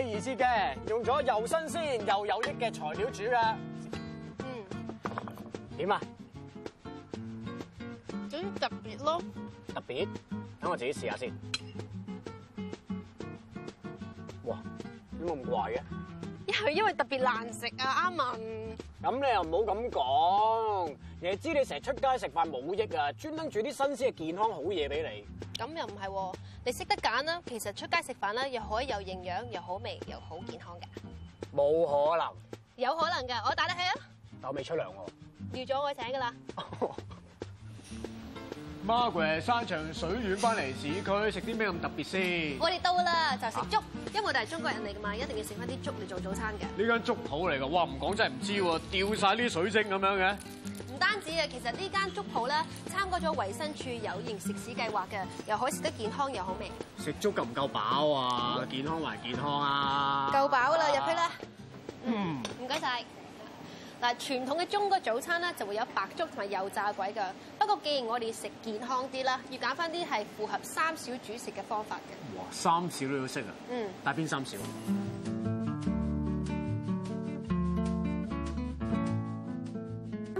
你意思嘅用咗又新鮮又有益嘅材料煮啦，嗯，點啊？總之特別咯，特別，等我自己試下先。哇，點解咁怪嘅？係因為特別難食啊，阿文。咁你又唔好咁講，爺知道你成日出街食飯冇益啊，專登煮啲新鮮嘅健康好嘢俾你。咁又唔係，你識得揀啦。其實出街食飯啦，又可以有營養，又好味，又好健康嘅。冇可能。有可能噶，我打得起啊。但我未出糧喎。預咗我請噶啦。Mark，係山長水遠翻嚟市區，食啲咩咁特別先？我哋到啦，就食粥，因為我哋係中國人嚟噶嘛，一定要食翻啲粥嚟做早餐嘅。呢間粥鋪嚟噶，哇！唔講真係唔知喎，掉晒啲水晶咁樣嘅。知啊，其實這呢間粥鋪咧參加咗衛生署有營食肆計劃嘅，又可以食得健康又好味。食粥夠唔夠飽啊？健康還是健康啊？夠飽啦，入去啦。嗯，唔該晒。嗱，傳統嘅中國早餐咧就會有白粥同埋油炸鬼嘅，不過既然我哋食健康啲啦，要揀翻啲係符合三少煮食嘅方法嘅。哇，三少都要識啊？嗯。打邊三少。嗯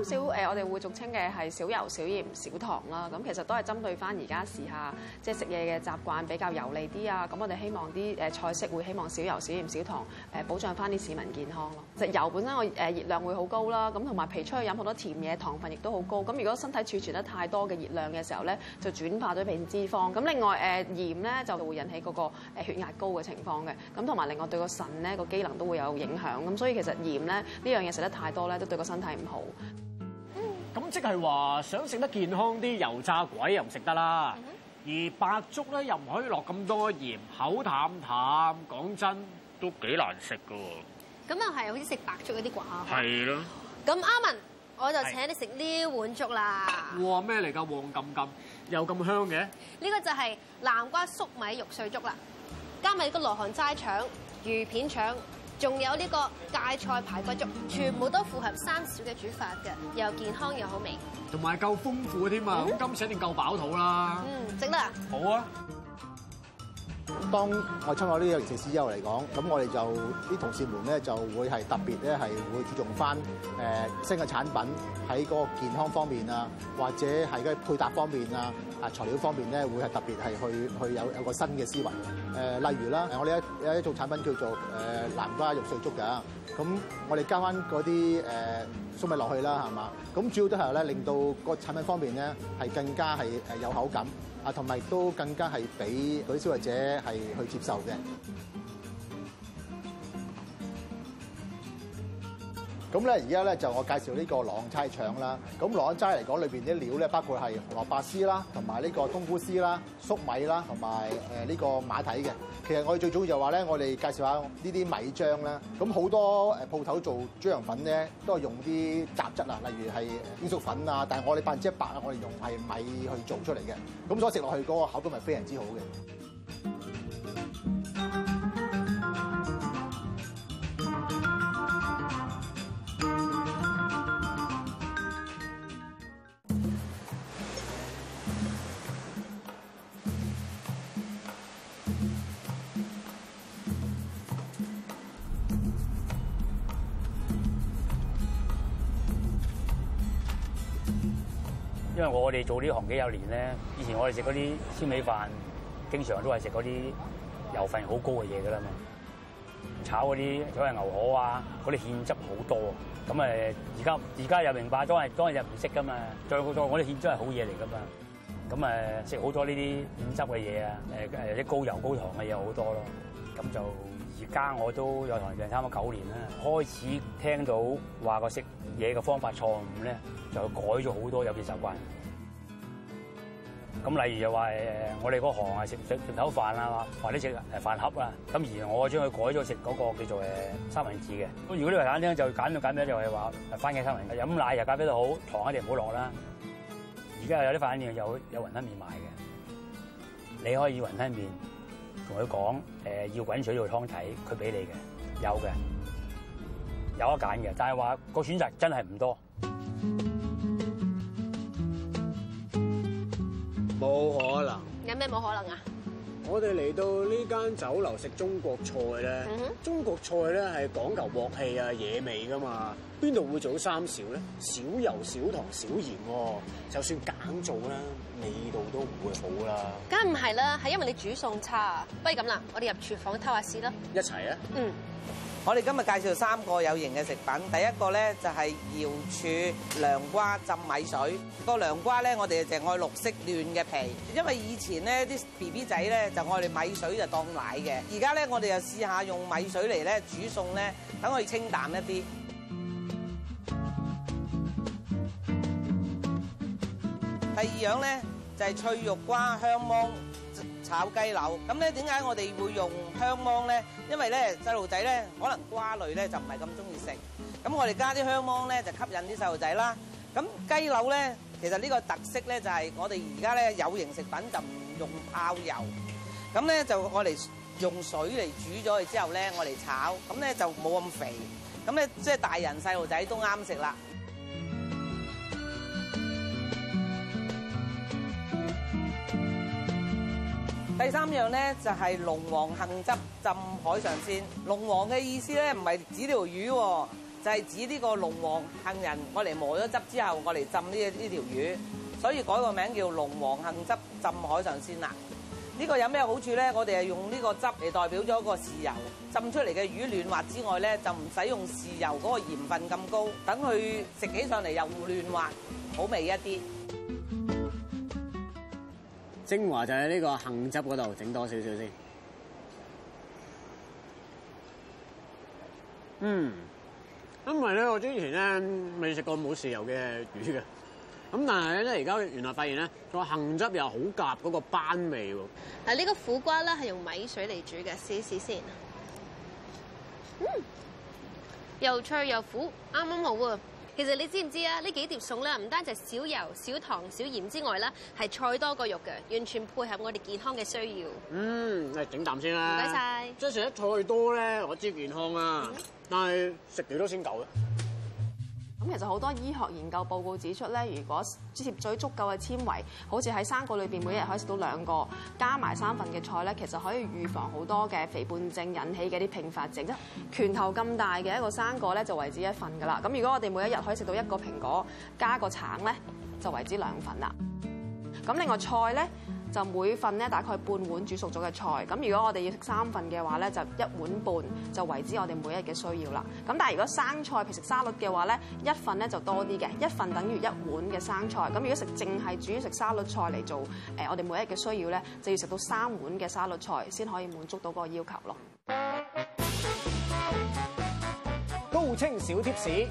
少我哋會俗稱嘅係少油小小、少鹽、少糖啦。咁其實都係針對翻而家時下即係食嘢嘅習慣比較油膩啲啊。咁我哋希望啲菜式會希望少油小小、少鹽、少糖保障翻啲市民健康咯。其實油本身我熱量會好高啦，咁同埋皮出去飲好多甜嘢，糖分亦都好高。咁如果身體儲存得太多嘅熱量嘅時候咧，就轉化咗變脂肪。咁另外誒鹽咧就會引起嗰個血壓高嘅情況嘅。咁同埋另外對個腎咧個機能都會有影響。咁所以其實鹽咧呢樣嘢食得太多咧都對個身體唔好。咁即係話想食得健康啲，油炸鬼又唔食得啦。而白粥咧又唔可以落咁多鹽，口淡淡，講真都幾難食㗎喎。咁又係好似食白粥嗰啲啩？係咯。咁阿文，我就請你食呢碗粥啦。哇！咩嚟㗎？黃金金又咁香嘅！呢個就係南瓜粟米肉碎粥啦，加埋個羅漢齋腸、魚片腸。仲有呢個芥菜排骨粥，全部都符合三少嘅煮法嘅，又健康又好味，同埋夠豐富添啊！咁今次一定夠飽肚啦。嗯，整得啦。好啊。當我出我呢個有營食肆嚟講，咁我哋就啲同事們咧就會係特別咧係會注重翻誒新嘅產品喺嗰個健康方面啊，或者係嘅配搭方面啊啊材料方面咧會係特別係去去有有個新嘅思維誒，例如啦，我哋一有一種產品叫做誒南瓜肉碎粥㗎，咁我哋加翻嗰啲誒粟米落去啦，係嘛，咁主要都係咧令到個產品方面咧係更加係誒有口感。啊，同埋都更加係俾啲消費者係去接受嘅。咁咧而家咧就我介紹呢個狼差腸啦。咁狼差嚟講，裏面啲料咧包括係蘿蔔絲啦，同埋呢個冬菇絲啦、粟米啦，同埋呢個馬蹄嘅。其實我哋最主要就話咧，我哋介紹一下呢啲米漿啦。咁好多誒鋪頭做豬腸粉咧，都係用啲雜質啊，例如係鷹粟粉啊。但係我哋百分之一百啊，我哋用係米去做出嚟嘅。咁所以食落去嗰個口感係非常之好嘅。因為我哋做呢行幾十年咧，以前我哋食嗰啲鮮味飯，經常都係食嗰啲油份好高嘅嘢噶啦嘛，炒嗰啲所謂牛河啊，嗰啲芡汁好多。咁誒，而家而家又明白，當然當然又唔識噶嘛。再再，我啲芡汁係好嘢嚟噶嘛。咁誒，食好多呢啲芡汁嘅嘢啊，誒誒啲高油高糖嘅嘢好多咯。咁就而家我都有糖尿差唔多九年啦，開始聽到話個食嘢嘅方法錯誤咧，就改咗好多飲食習慣。咁例如又話我哋嗰行啊食食食炒飯啊，或者食飯盒啊，咁而我將佢改咗食嗰個叫做誒三文治嘅。咁如果你話餐廳就揀咩揀咩，就係話番茄三文治，飲奶又咖啡都好，糖一定唔好落啦。而家有啲飯店有有雲吞麵賣嘅，你可以雲吞麵同佢講要滾水做湯底，睇佢俾你嘅有嘅。有得揀嘅，但係話個選擇真係唔多，冇可能。有咩冇可能啊？我哋嚟到呢間酒樓食中國菜咧、嗯，中國菜咧係講求鑊氣啊、野味㗎嘛。邊度會做三少咧？少油、少糖、少鹽喎。就算揀做啦，味道都唔會好啦。梗唔係啦，係因為你煮餸差啊。不如咁啦，我哋入廚房偷下試啦。一齊啊！嗯。我哋今日介紹三個有營嘅食品，第一個咧就係瑤柱涼瓜浸米水。個涼瓜咧，我哋就愛綠色嫩嘅皮，因為以前咧啲 B B 仔咧就愛嚟米水就當奶嘅。而家咧我哋就試下用米水嚟咧煮餸咧，等佢清淡一啲。第二樣咧就係脆肉瓜香芒。炒雞柳咁咧，點解我哋會用香芒咧？因為咧細路仔咧可能瓜類咧就唔係咁中意食，咁我哋加啲香芒咧就吸引啲細路仔啦。咁雞柳咧，其實呢個特色咧就係我哋而家咧有營食品就唔用泡油，咁咧就我哋用水嚟煮咗佢之後咧，我嚟炒，咁咧就冇咁肥，咁咧即係大人細路仔都啱食啦。第三樣咧就係龍王杏汁浸海上鮮。龍王嘅意思咧唔係指條魚喎，就係指呢個龍王杏仁，我嚟磨咗汁之後，我嚟浸呢呢條魚，所以改個名叫龍王杏汁浸海上鮮啦。呢個有咩好處咧？我哋係用呢個汁嚟代表咗個豉油，浸出嚟嘅魚嫩滑之外咧，就唔使用豉油嗰個鹽分咁高，等佢食起上嚟又嫩滑，好味一啲。精華就喺呢個杏汁嗰度整多少少先，嗯，因為咧我之前咧未食過冇豉油嘅魚嘅，咁但係咧而家原來發現咧個杏汁又好夾嗰個斑味喎。呢個苦瓜咧係用米水嚟煮嘅，試試先，嗯，又脆又苦，啱啱好啊！其實你知唔知啊？呢幾碟餸咧，唔單止少油、少糖、少鹽之外咧，係菜多過肉嘅，完全配合我哋健康嘅需要。嗯，你整啖先啦。唔該晒。即係食得菜多咧，我知健康啊，但係食幾多先夠？咁其實好多醫學研究報告指出咧，如果攝取足夠嘅纖維，好似喺生果裏面，每一日可以食到兩個加埋三份嘅菜咧，其實可以預防好多嘅肥胖症引起嘅啲併發症。即拳頭咁大嘅一個生果咧，就為止一份㗎啦。咁如果我哋每一日可以食到一個蘋果加個橙咧，就為止兩份啦。咁另外菜咧。就每份咧大概半碗煮熟咗嘅菜，咁如果我哋要食三份嘅話咧，就一碗半就為之我哋每日嘅需要啦。咁但係如果生菜譬如食沙律嘅話咧，一份咧就多啲嘅，一份等於一碗嘅生菜。咁如果食淨係煮食沙律菜嚟做、呃、我哋每日嘅需要咧，就要食到三碗嘅沙律菜先可以滿足到嗰個要求咯。高清小貼士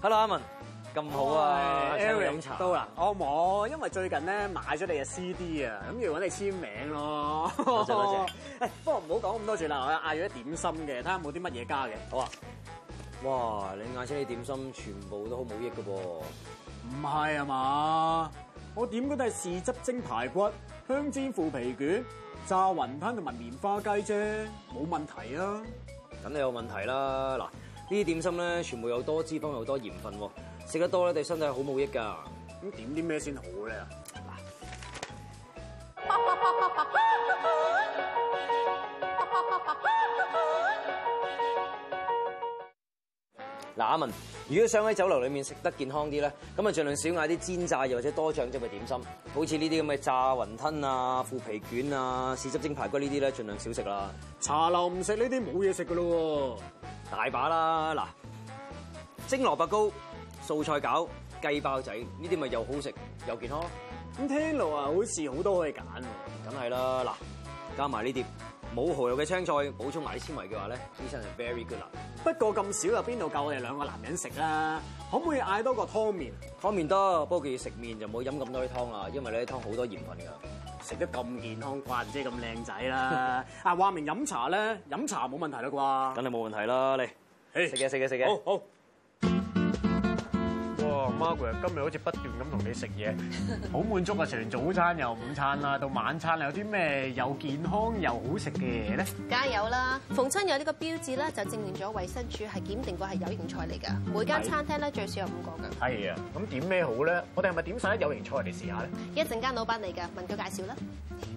，Hello 阿文。咁好啊！Eric 到啦，我冇、哦，因為最近咧買咗你嘅 CD 啊，咁如果你簽名咯。多謝多謝。誒， 不過唔好講咁多住啦，我嗌咗啲點心嘅，睇下冇啲乜嘢加嘅，好啊？哇！你嗌出嚟點心全部都好冇益嘅噃？唔係啊嘛，我點都係豉汁蒸排骨、香煎腐皮卷、炸雲吞同埋棉花雞啫，冇問題啊？咁你有問題啦！嗱，呢啲點心咧全部有多脂肪有多鹽分喎。食得多咧，對身體係好冇益噶。咁點啲咩先好咧？嗱、啊，嗱阿文，如果想喺酒樓裏面食得健康啲咧，咁啊盡量少嗌啲煎炸又或者多醬汁嘅點心，好似呢啲咁嘅炸雲吞啊、腐皮卷啊、豉汁蒸排骨呢啲咧，盡量少食啦。茶樓唔食呢啲冇嘢食噶咯，大把啦。嗱、啊，蒸蘿蔔糕。素菜餃、雞包仔呢啲咪又好食又健康？咁聽落啊，好似好多可以揀，梗係啦。嗱，加埋呢啲冇蠔油嘅青菜，補充埋啲纖維嘅話咧，呢身係 very good 啦。不過咁少又邊度夠我哋兩個男人食啊？可唔可以嗌多個湯麵？湯麵多，不過佢食麵就唔好飲咁多啲湯啦，因為啲湯好多鹽分㗎。食得咁健康，怪唔之咁靚仔啦。啊，話明飲茶咧，飲茶冇問題啦啩？梗係冇問題啦，嚟食嘢食嘢食嘢。好。好。Mark 今日好似不斷咁同你食嘢，好滿足啊！食完早餐又午餐啦，到晚餐啦，又有啲咩又健康又好食嘅嘢咧？加油啦！逢親有呢個標誌咧，就證明咗衞生署係檢定過係有營菜嚟㗎。每間餐廳咧最少有五個㗎。係啊，咁點咩好咧？我哋係咪點曬啲有營菜嚟試下咧？一陣間老闆嚟㗎，問佢介紹啦。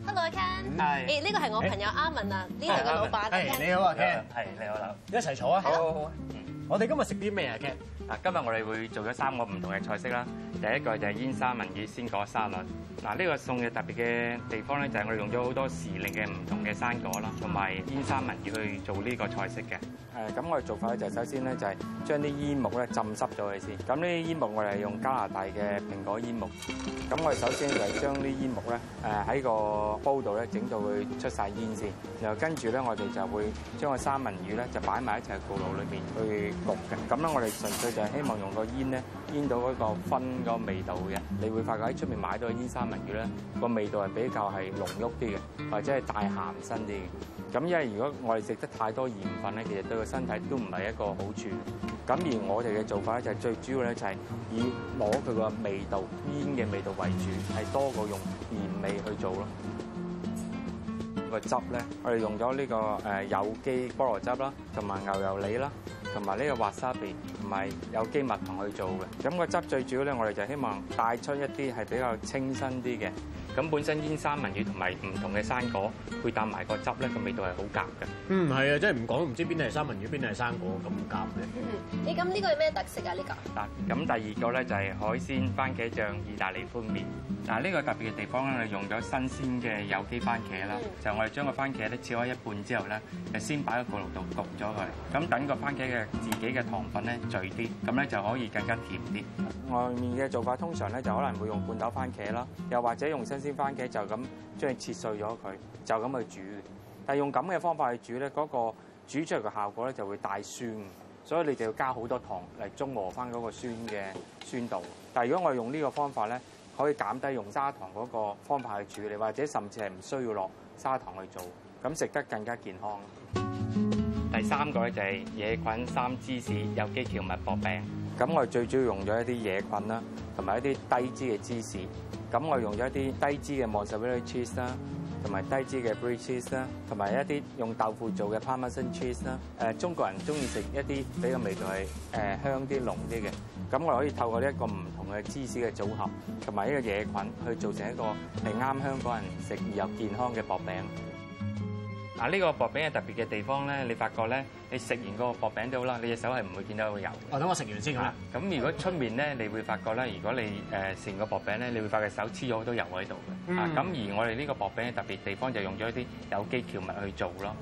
Hello Ken，係。誒呢個係我朋友阿文啊，呢度嘅老闆。係、啊、你好，Ken。係你好啦。一齊坐啊！好好好。好好，嗯、我哋今日食啲咩啊？Ken？嗱，今日我哋會做咗三個唔同嘅菜式啦。第一個就係煙三文魚鮮果沙律。嗱，呢個餸嘅特別嘅地方咧，就係我哋用咗好多時令嘅唔同嘅鮮果啦，同埋煙三文魚去做呢個菜式嘅。誒，咁我哋做法咧就係首先咧就係將啲煙木咧浸濕咗佢先。咁呢啲煙木我哋係用加拿大嘅蘋果煙木。咁我哋首先就係將啲煙木咧誒喺個煲度咧整到佢出曬煙先。然後跟住咧我哋就會將個三文魚咧就擺埋一齊焗爐裏面去焗嘅。咁咧我哋純粹就～希望用個煙咧，煙到嗰個燻個味道嘅，你會發覺喺出面買到嘅煙三文魚咧，個味道係比較係濃郁啲嘅，或者係大鹹身啲嘅。咁因為如果我哋食得太多鹽分咧，其實對個身體都唔係一個好處。咁而我哋嘅做法咧，就最主要咧就係以攞佢個味道，煙嘅味道為主，係多過用鹽味去做咯。個汁咧，我哋用咗呢個誒有機菠蘿汁啦，同埋牛油梨啦。同埋呢個 wasabi 同埋有機蜜糖去做嘅。咁個汁最主要咧，我哋就希望帶出一啲係比較清新啲嘅。咁本身煙三文魚同埋唔同嘅生果，配搭埋個汁咧，個味道係好夾嘅。嗯，係啊，即係唔講唔知邊度係三文魚，邊度係生果咁夾嘅。你咁呢個係咩特色啊？呢個嗱，咁第二個咧就係海鮮番茄醬意大利寬麵。嗱，呢個特別嘅地方咧，我哋用咗新鮮嘅有機番茄啦、嗯，就我哋將個番茄咧切開一半之後咧，就先擺喺焗爐度焗咗佢，咁等個番茄嘅自己嘅糖分咧聚啲，咁咧就可以更加甜啲。外面嘅做法通常咧就可能會用罐頭番茄啦，又或者用新先番茄就咁將佢切碎咗佢，就咁去煮。但係用咁嘅方法去煮咧，嗰個煮出嚟嘅效果咧就會帶酸，所以你就要加好多糖嚟中和翻嗰個酸嘅酸度。但係如果我用呢個方法咧，可以減低用砂糖嗰個方法去處理，或者甚至係唔需要落砂糖去做，咁食得更加健康。第三個咧就係野菌三芝士有機蕎麥薄餅。咁我哋最主要用咗一啲野菌啦，同埋一啲低脂嘅芝士。咁我用咗一啲低脂嘅 mozzarella cheese 啦，同埋低脂嘅 brie cheese 啦，同埋一啲用豆腐做嘅 parmesan cheese 啦。誒，中國人中意食一啲比較味道係誒香啲、濃啲嘅。咁我可以透過呢一個唔同嘅芝士嘅組合，同埋呢個野菌，去做成一個係啱香港人食而又健康嘅薄餅。嗱，呢個薄餅嘅特別嘅地方咧，你發覺咧，你食完個薄餅好啦，你隻手係唔會見到有油。我等我食完先吓。咁、啊、如果出面咧，你會發覺咧，如果你誒食完個薄餅咧，你會發個手黐咗好多油喺度嘅。咁、嗯啊、而我哋呢個薄餅嘅特別地方就用咗一啲有機穀物去做咯。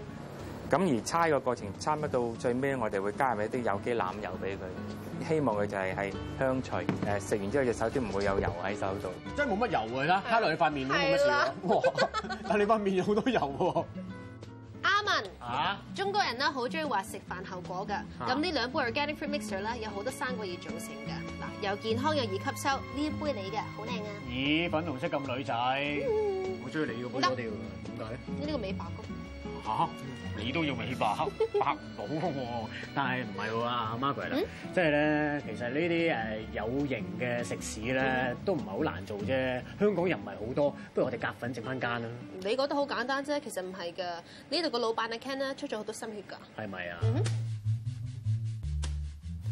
咁、嗯、而搓嘅過程，差不多到最尾我哋會加入一啲有機橄欖油俾佢，希望佢就係係香脆。誒，食完之後隻手都唔會有油喺手度。真係冇乜油㗎啦，睇落你塊面都冇乜事喎。但 你塊面有好多油喎。啊！中國人咧好中意話食飯後果㗎，咁呢兩杯 organic fruit mixer 咧，有好多生果嘢組成㗎，嗱，又健康又易吸收，呢一杯你嘅好靚啊！咦，粉紅色咁女仔， 我中意你個波多條，點解咧？呢個美白功。嚇、啊！你都要美白黑佬喎？啊、 但係唔係喎阿 Margaret？即係咧，其實呢啲有營嘅食肆咧，都唔係好難做啫。香港又唔係好多，不如我哋夾份整翻間啦。你覺得好簡單啫，其實唔係㗎。呢度個老闆阿 Ken 咧，出咗好多心血㗎。係咪啊？嗯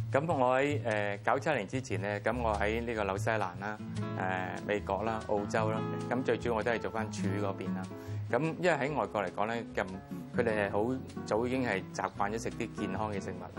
咁我喺誒九七年之前咧，咁我喺呢個紐西蘭啦、誒美國啦、澳洲啦，咁最主要我都係做翻廚嗰邊啦。咁因為喺外國嚟講咧，咁佢哋係好早已經係習慣咗食啲健康嘅食物啦。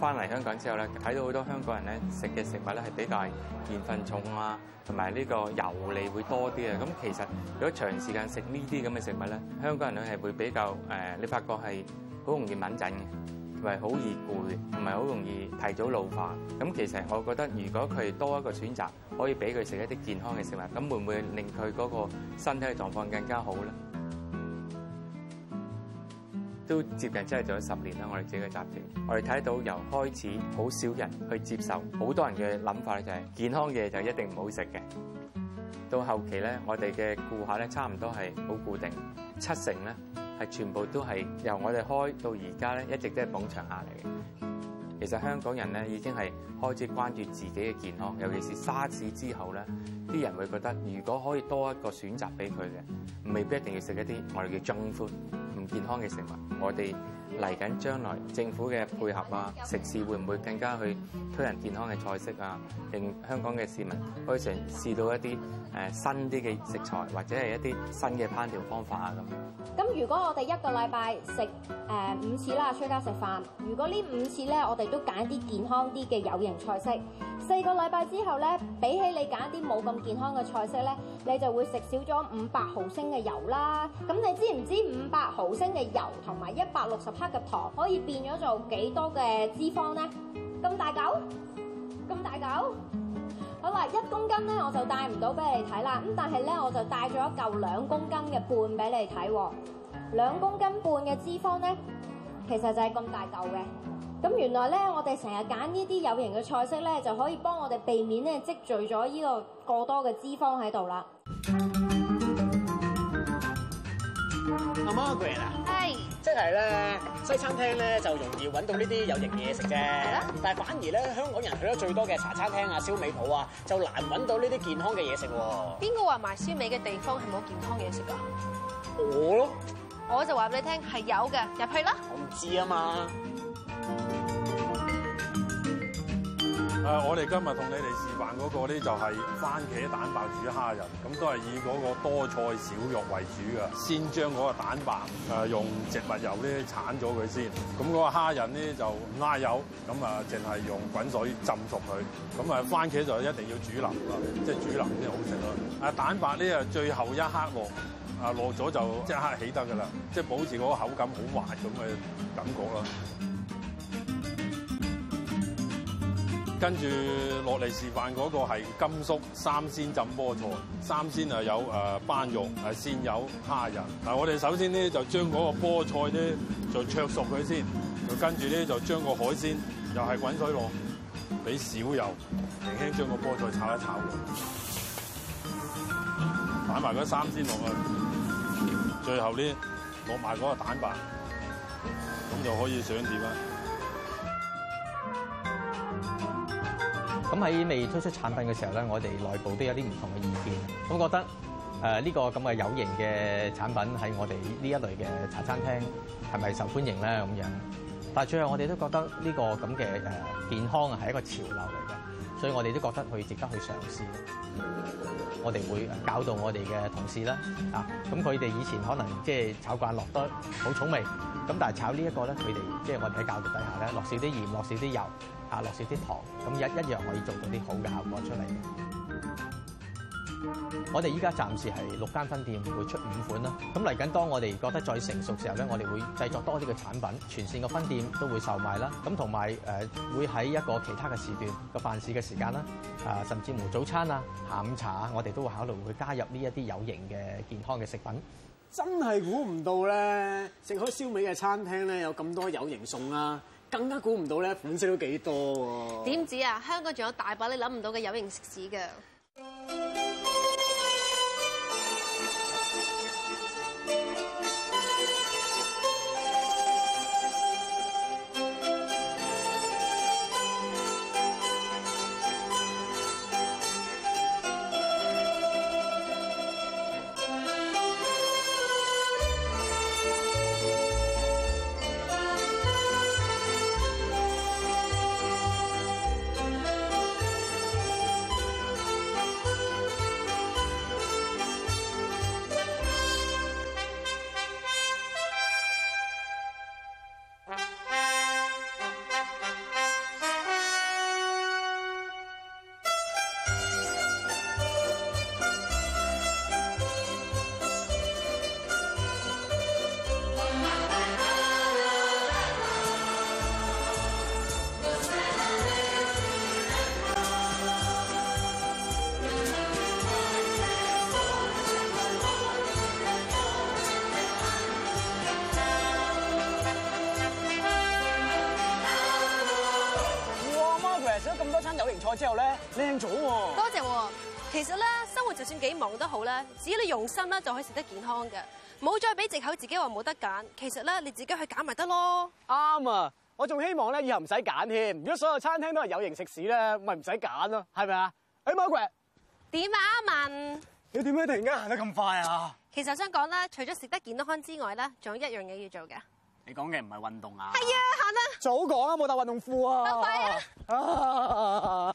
翻嚟香港之後咧，睇到好多香港人咧，食嘅食物咧係比較係鹽分重啊，同埋呢個油膩會多啲啊。咁其實如果長時間食呢啲咁嘅食物咧，香港人咧係會比較誒，你發覺係好容易敏症嘅。唔咪好易攰，唔咪好容易提早老化。咁其實我覺得，如果佢多一個選擇，可以俾佢食一啲健康嘅食物，咁會唔會令佢嗰個身體嘅狀況更加好咧？嗯，都接近真係做咗十年啦，我哋自己嘅集團，我哋睇到由開始好少人去接受，好多人嘅諗法咧就係健康嘢就一定唔好食嘅。到後期咧，我哋嘅顧客咧差唔多係好固定，七成咧。係全部都係由我哋開到而家咧，一直都係捧場下嚟嘅。其實香港人咧已經係開始關注自己嘅健康，尤其是沙士之後咧，啲人會覺得如果可以多一個選擇俾佢嘅，未必一定要食一啲我哋叫 Junk Food。健康嘅食物，我哋嚟緊將來政府嘅配合啊，食肆會唔會更加去推行健康嘅菜式啊？令香港嘅市民可以嘗試到一啲誒新啲嘅食材，或者係一啲新嘅烹調方法啊咁。咁如果我哋一個禮拜食誒五次啦，出街食飯，如果呢五次咧，我哋都揀一啲健康啲嘅有營菜式，四個禮拜之後咧，比起你揀一啲冇咁健康嘅菜式咧，你就會食少咗五百毫升嘅油啦。咁你知唔知五百毫？升嘅油同埋一百六十克嘅糖可以變咗做幾多嘅脂肪呢？咁大嚿，咁大嚿。好啦，一公斤咧我就帶唔到俾你睇啦。咁但係咧我就帶咗一嚿兩公斤嘅半俾你睇。兩公斤半嘅脂肪咧，其實就係咁大嚿嘅。咁原來咧我哋成日揀呢啲有營嘅菜式咧，就可以幫我哋避免咧積聚咗呢個過多嘅脂肪喺度啦。阿 Margaret 啊，係、啊，即係咧西餐廳咧就容易揾到呢啲有營嘢食啫，但係反而咧香港人去得最多嘅茶餐廳啊、燒味鋪啊，就難揾到呢啲健康嘅嘢食，啊。邊個話賣燒味嘅地方係冇健康嘢食啊？我咯，我就話畀你聽係有嘅，入去啦。我唔知啊嘛。誒，我哋今日同你哋示範嗰個咧就係番茄蛋白煮蝦仁，咁都係以嗰個多菜少肉為主㗎。先將嗰個蛋白誒用植物油咧鏟咗佢先，咁、那、嗰個蝦仁咧就拉油，咁啊淨係用滾水浸熟佢，咁啊番茄就一定要煮腍啦，即係煮腍先好食咯。啊，蛋白咧啊，最後一刻喎，啊落咗就即刻起得㗎啦，即係保持嗰個口感好滑咁嘅感覺咯。跟住落嚟示範嗰個係甘肅三鮮浸菠菜，三鮮啊有誒斑肉誒鮮有蝦仁。嗱，我哋首先咧就將嗰個菠菜咧就灼熟佢先，就跟住咧就將個海鮮又係滾水落，俾少油，輕輕將個菠菜炒一炒，擺埋嗰三鮮落去，最後咧落埋嗰個蛋白，咁就可以上碟啦。咁喺未推出產品嘅時候咧，我哋內部都有啲唔同嘅意見，咁覺得誒呢個咁嘅有營嘅產品喺我哋呢一類嘅茶餐廳，係咪受歡迎咧咁樣？但最後我哋都覺得呢個咁嘅誒健康啊，係一個潮流嚟嘅。所以我哋都覺得佢值得去嘗試，我哋會教導我哋嘅同事啦，啊，咁佢哋以前可能即係炒慣落得好重味，咁但係炒呢一個咧，佢哋即係我哋喺教育底下咧，落少啲鹽，落少啲油，啊，落少啲糖，咁一一樣可以做到啲好嘅效果出嚟。我哋依家暫時係六間分店會出五款啦，咁嚟緊當我哋覺得再成熟時候咧，我哋會製作多啲嘅產品，全綫嘅分店都會售賣啦。咁同埋誒，會喺一個其他嘅時段個飯市嘅時間啦，啊甚至乎早餐啊、下午茶啊，我哋都會考慮去加入呢一啲有營嘅健康嘅食品。真係估唔到咧，食開燒味嘅餐廳咧有咁多有營餸，啦更加估唔到咧，款式都幾多喎。點止啊？香港仲有大把你諗唔到嘅有營食肆㗎。啊、多謝、啊，其實咧生活就算幾忙都好咧，只要你用心咧就可以食得健康嘅，冇再俾借口自己話冇得揀，其實咧你自己去揀咪得咯。啱啊，我仲希望咧以後唔使揀添，如果所有餐廳都係有營食肆咧，咪唔使揀咯，係咪、hey、啊？哎 Margaret 點啊阿文？你點解突然間行得咁快啊？其實我想講咧，除咗食得健康之外咧，仲有一樣嘢要做嘅。你講嘅唔係運動啊？係啊，行啊。早講啊，冇帶運動褲啊。後悔啊。